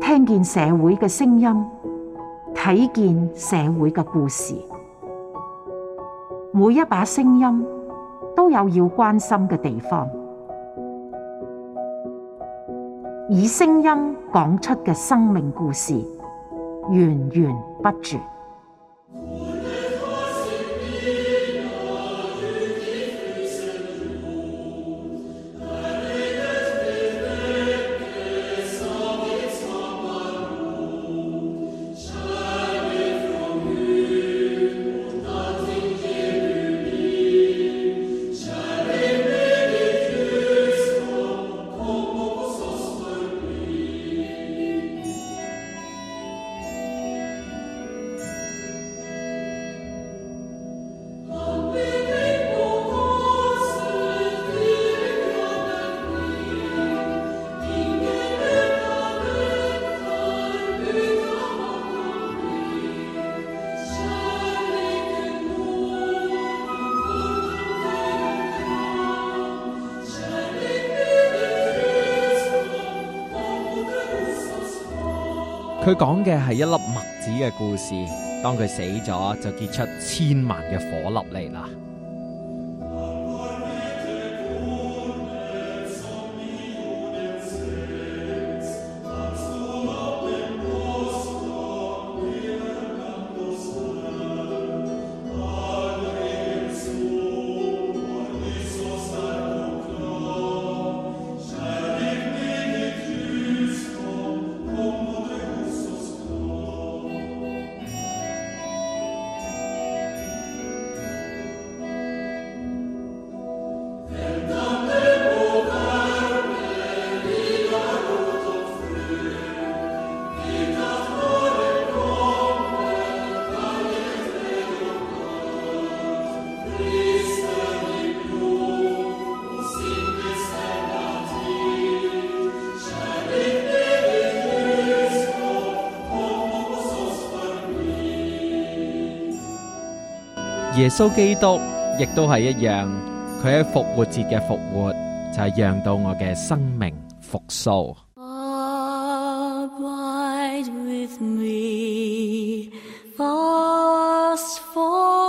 聽見社會嘅聲音，睇見社會嘅故事，每一把聲音都有要關心嘅地方，以聲音講出嘅生命故事源源不絕。佢講嘅係一粒麥子嘅故事，當佢死咗就結出千萬嘅火粒嚟啦。耶穌基督亦都係一樣，佢喺復活節嘅復活就係、是、讓到我嘅生命復甦。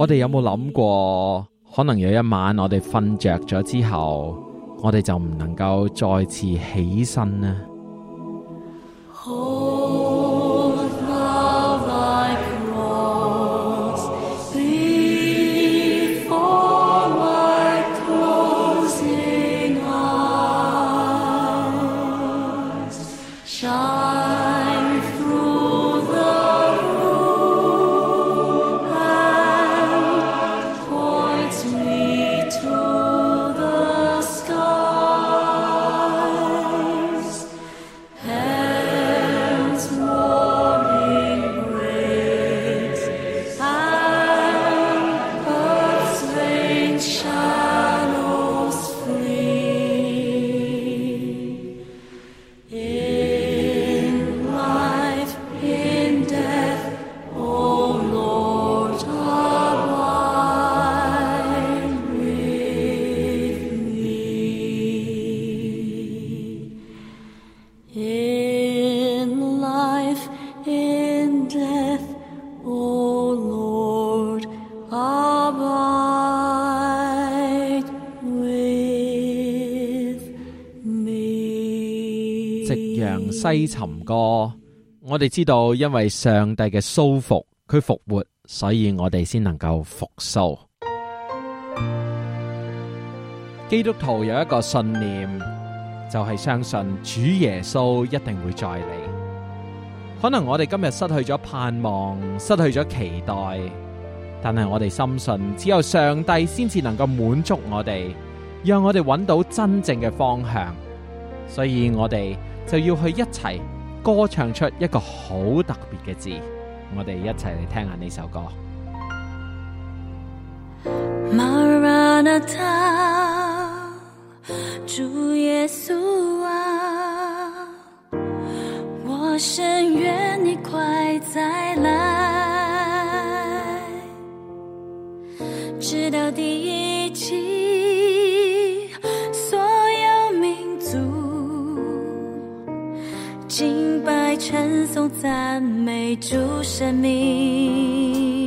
我哋有冇諗過，可能有一晚我哋瞓着咗之後，我哋就唔能夠再次起身呢？西沉歌，我哋知道，因為上帝嘅蘇復，佢復活，所以我哋先能夠復蘇。基督徒有一個信念，就係、是、相信主耶穌一定會再嚟。可能我哋今日失去咗盼望，失去咗期待，但係我哋深信，只有上帝先至能夠滿足我哋，讓我哋搵到真正嘅方向。所以我哋。就要去一齊歌唱出一個好特別嘅字，我哋一齊嚟聽下呢首歌。 稱頌讚美主神明。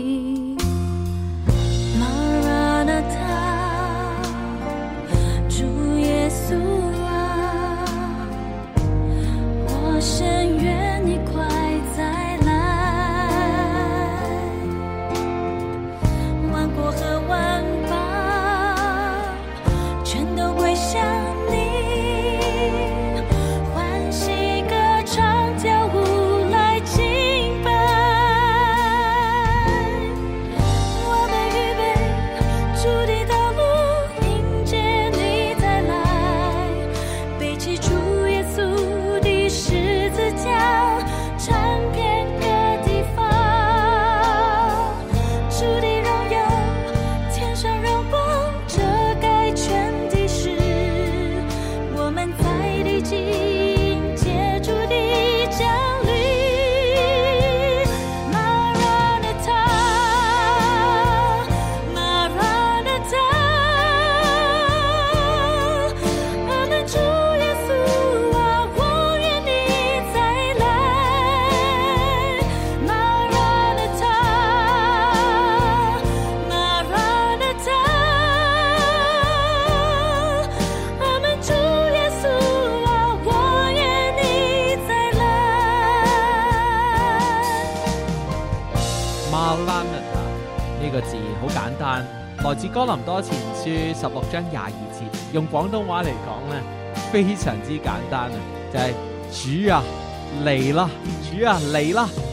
呢個字好簡單，來自《哥林多前書》十六章廿二節，用廣東話嚟講呢非常之簡單，就係、啊，就係主啊嚟啦，主啊嚟啦。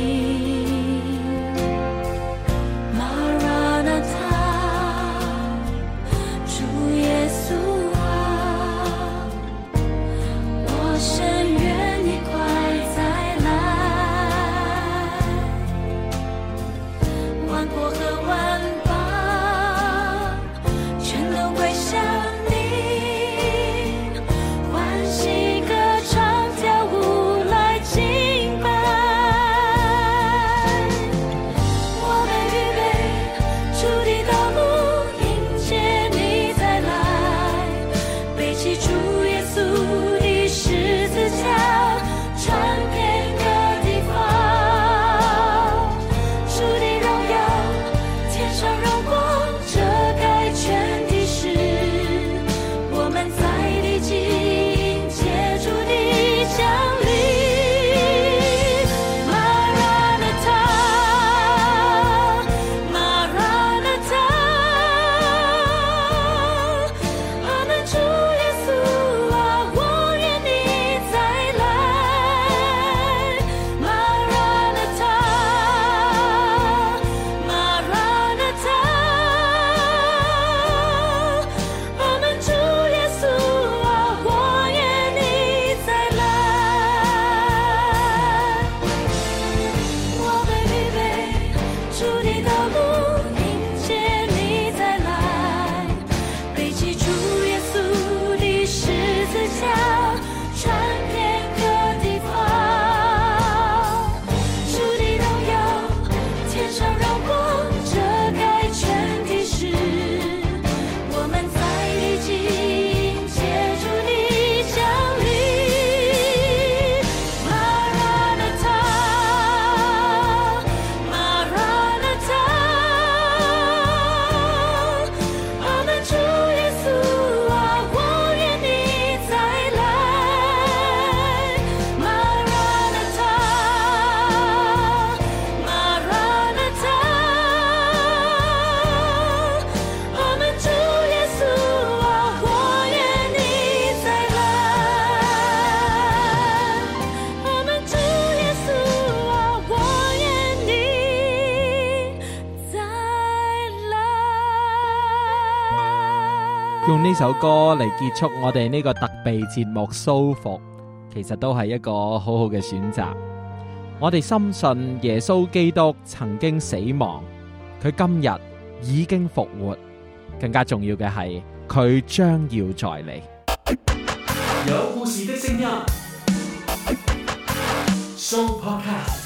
呢首歌嚟結束我哋呢個特備節目，舒服，其實都係一個好好嘅選擇。我哋深信耶穌基督曾經死亡，佢今日已經復活，更加重要嘅係佢將要再嚟。有故事的聲音，送 Podcast。